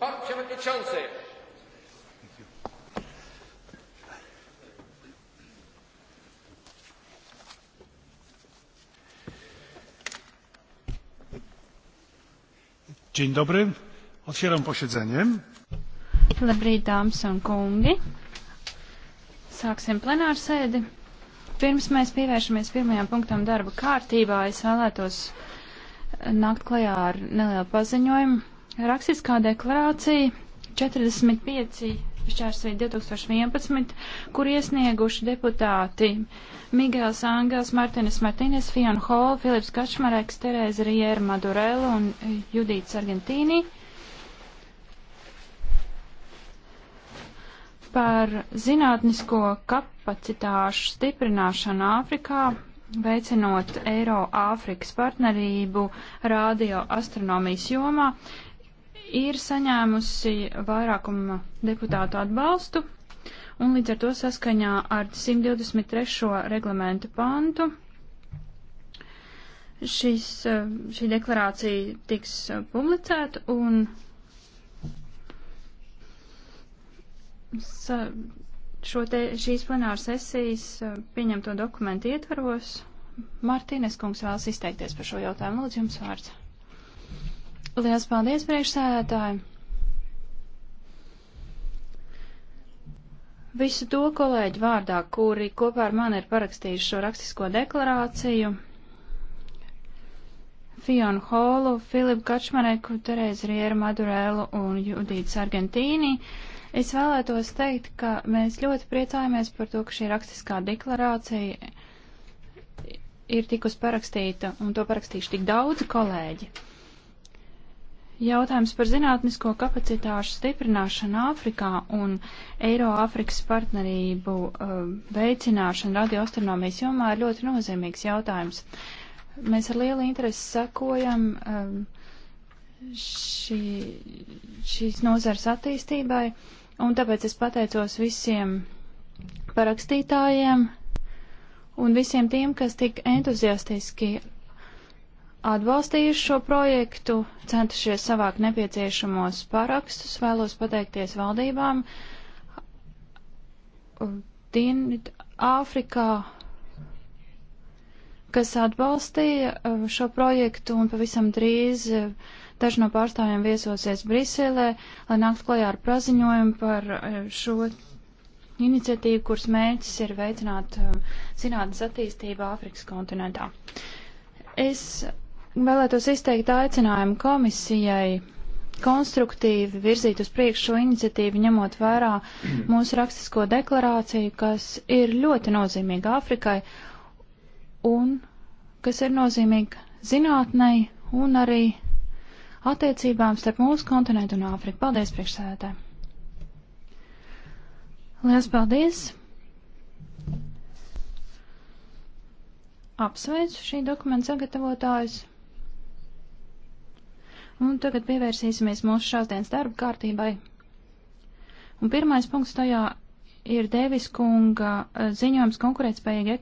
Pan Przewodniczący! Dzień dobry. Otwieram posiedzenie. Labrīt, dāmas un kungi. Sāksim plenārsēdi. Pirms mēs pievēršamies pirmajām punktām darba kārtībā, es vēlētos nākt klajā ar nelielu paziņojumu rakstiskā deklarācija 45 šķērsvīt 2011, kur iesnieguši deputāti Migēls Angels, Martinis Martīnis, Fiona Hall, Filips Kačmareks, Terēza Riera Madurela un Judīts Argentīni par zinātnisko kapacitāšu stiprināšanu Āfrikā veicinot Eiro-Āfrikas partnerību radioastronomijas jomā, ir saņēmusi vairākuma deputātu atbalstu, un līdz ar to saskaņā ar 123. reglamentu pantu šis, šī deklarācija tiks publicēta un šo te, šīs plenāra sesijas pieņemto dokumentu ietvaros. Martīnes kungs vēlas izteikties par šo jautājumu. Lūdzu, jums vārds. Liels paldies, priekšsēdētāji! Visu to kolēģu vārdā, kuri kopā ar mani ir parakstījuši šo rakstisko deklarāciju, Fionu Holu, Filipu Kačmareku, Terēzi Rieru Madurēlu un Judītas Argentīnī, es vēlētos teikt, ka mēs ļoti priecājamies par to, ka šī rakstiskā deklarācija ir tikus parakstīta, un to parakstījuši tik daudzi kolēģi. Jautājums par zinātnisko kapacitāšu stiprināšanu Āfrikā un Eiroāfrikas partnerību uh, veicināšanu radioastronomijas jomā ir ļoti nozīmīgs jautājums. Mēs ar lielu interesi sakojam um, šī, šīs nozars attīstībai, un tāpēc es pateicos visiem parakstītājiem un visiem tiem, kas tik entuziastiski atbalstījuši šo projektu, centušies savākt nepieciešamos parakstus. Vēlos pateikties valdībām Dienvidu Āfrikā, kas atbalstīja uh, šo projektu un pavisam drīz uh, daži no pārstāvjiem viesosies Briselē, lai nāktu klajā ar paziņojumu par uh, šo iniciatīvu, kuras mērķis ir veicināt zinātnes attīstību Āfrikas kontinentā. Es Vēlētos izteikt aicinājumu komisijai konstruktīvi virzīt uz priekšu šo iniciatīvu, ņemot vērā mūsu rakstisko deklarāciju, kas ir ļoti nozīmīga Āfrikai un kas ir nozīmīga zinātnei un arī attiecībām starp mūsu kontinentu un Āfriku. Paldies, priekšsēdētāji! Lielas paldies! Apsveicu šī dokumenta sagatavotājus! Un tagad pievērsīsimies mūsu šāsdienas darba kārtībai. Un pirmais punkts tajā ir Devis kunga eh, ziņojums konkurētspējīgi